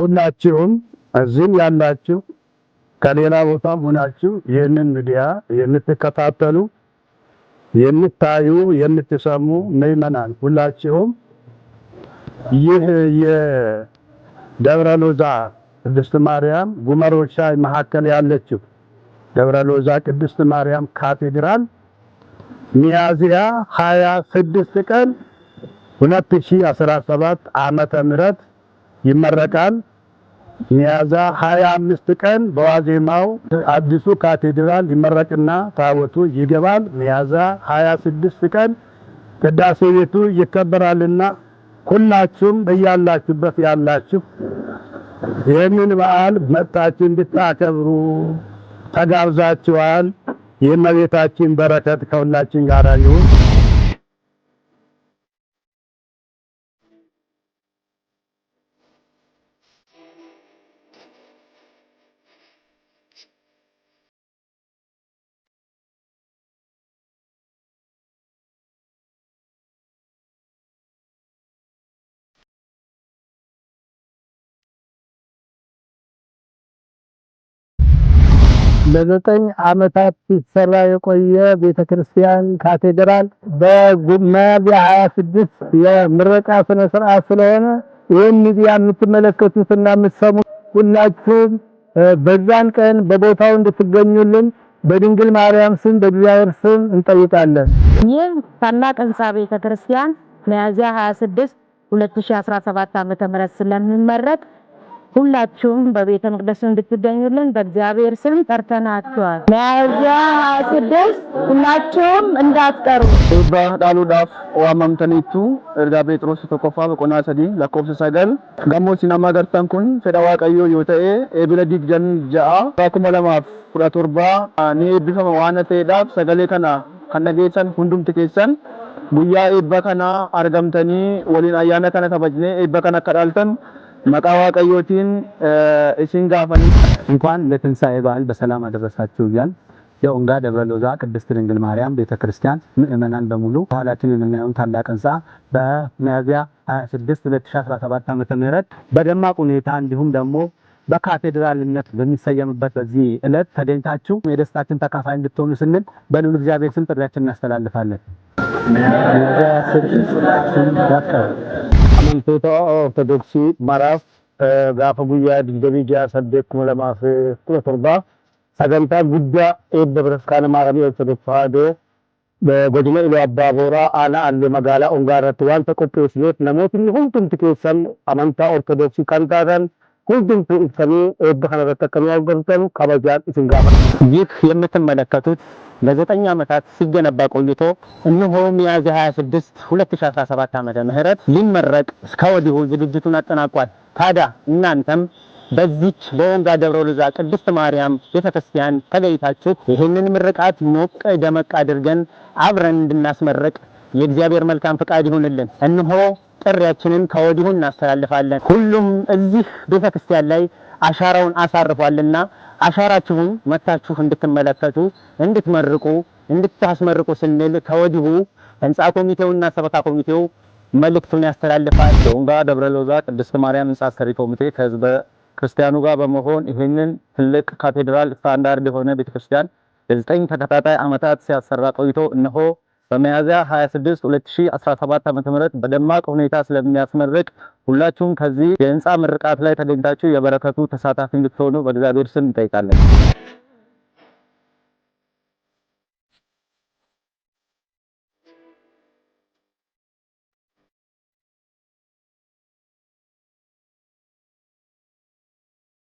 ሁላችሁም እዚህም ያላችሁ ከሌላ ቦታም ሆናችሁ ይህንን ሚዲያ የምትከታተሉ የምታዩ የምትሰሙ ምዕመናን ሁላችሁም ይህ የደብረ ሎዛ ቅድስት ማርያም ጉመሮሻ ሻይ መካከል ያለችው ደብረ ሎዛ ቅድስት ማርያም ካቴድራል ሚያዝያ 26 ቀን 2017 ዓመተ ምህረት ይመረቃል። ሚያዝያ 25 ቀን በዋዜማው አዲሱ ካቴድራል ይመረቅና ታቦቱ ይገባል። ሚያዝያ 26 ቀን ቅዳሴ ቤቱ ይከበራልና ሁላችሁም በያላችሁበት ያላችሁ ይህንን በዓል መጣችሁ እንድታከብሩ ተጋብዛችኋል። የእመቤታችን በረከት ከሁላችን ጋር ይሁን። ለዘጠኝ ዓመታት ሲሰራ የቆየ ቤተ ክርስቲያን ካቴድራል በሚያዝያ 26 የምረቃ ስነ ስርዓት ስለሆነ ይህን ሚዲያ የምትመለከቱትና የምትሰሙት ሁላችሁም በዛን ቀን በቦታው እንድትገኙልን በድንግል ማርያም ስም በእግዚአብሔር ስም እንጠይቃለን። ይህ ታላቅ ህንፃ ቤተ ክርስቲያን ሚያዝያ 26 2017 ዓ.ም ስለምንመረቅ ሁላችሁም በቤተ መቅደስ እንድትገኙልን በእግዚአብሔር ስም ጠርተናችኋል። ሚያዝያ ሀያ ሁላችሁም እንዳትቀሩ። ኢባ ዳፍ ዋመምተኒቱ እርጋ ጴጥሮስ ተቆፋ በቆና ሰዲ ለኮብስ ሰገል ገሞ ሲናማ ገርተን ኩን ፌዳ ዋቀዮ ዮተኤ ጀን ጃአ ራኩመ ለማፍ ኩዳ ቶርባ ኒ ኤብፈመ ሰገሌ ከና ከነጌሰን ሁንዱም ትኬሰን ጉያ ኤባ አርገምተኒ ወሊን አያነ ከነ ተበጅኔ ኤባ ከዳልተን መቃዋቀዮቲን ዋቀዮቲን ጋፈን እንኳን ለትንሳኤ በዓል በሰላም አደረሳችሁ እያል ያው እንጋ ደብረ ሎዛ ቅድስት ድንግል ማርያም ቤተክርስቲያን ምእመናን በሙሉ ኋላችን የምናየውን ታላቅ ህንፃ በሚያዝያ 26 2017 ዓመተ ምህረት በደማቅ ሁኔታ እንዲሁም ደግሞ በካቴድራልነት በሚሰየምበት በዚህ ዕለት ተገኝታችሁ የደስታችን ተካፋይ እንድትሆኑ ስንል በልዑል እግዚአብሔር ስም ጥሪያችን እናስተላልፋለን። Amantoota Ortodoksii maraaf gaafa guyyaa digdamii lamaa fi kudha torbaa sagantaa guddaa eebba bataskaana maaramii Ortodoksii Tawaahidoo godina Iluu Abbaa Booraa aanaa Allee magaalaa Ongaa irratti waanta qopheessineef namootni hundumti keessan amantaa Ortodoksii kan taatan ሁሉም ሰው በኸነ ተከም ያገንዘቡ ከበዛት ሲንጋባ ይህ የምትመለከቱት ለዘጠኝ ዓመታት ሲገነባ ቆይቶ እነሆም ሚያዝያ 26 2017 ዓመተ ምህረት ሊመረቅ እስከወዲሁ ዝግጅቱን አጠናቋል። ታዲያ እናንተም በዚች በወንጋ ደብረ ሎዛ ቅድስት ማርያም ቤተክርስቲያን ተገኝታችሁ ይህንን ምርቃት ሞቅ ደመቅ አድርገን አብረን እንድናስመረቅ የእግዚአብሔር መልካም ፍቃድ ይሁንልን። እንሆ ጥሪያችንን ከወዲሁ እናስተላልፋለን። ሁሉም እዚህ ቤተክርስቲያን ላይ አሻራውን አሳርፏልና አሻራችሁን መታችሁ እንድትመለከቱ፣ እንድትመርቁ፣ እንድታስመርቁ ስንል ከወዲሁ ህንፃ ኮሚቴውና ሰበካ ኮሚቴው መልእክቱን ያስተላልፋል። ደውንጋ ደብረ ሎዛ ቅድስት ማርያም ህንፃ አሰሪ ኮሚቴ ከህዝበ ክርስቲያኑ ጋር በመሆን ይህንን ትልቅ ካቴድራል ስታንዳርድ የሆነ ቤተክርስቲያን ለዘጠኝ ተከታታይ ዓመታት ሲያሰራ ቆይቶ እነሆ በሚያዝያ 26 2017 ዓ.ም በደማቅ ሁኔታ ስለሚያስመርቅ ሁላችሁም ከዚህ የህንፃ ምርቃት ላይ ተገኝታችሁ የበረከቱ ተሳታፊ እንድትሆኑ በእግዚአብሔር ስም እንጠይቃለን።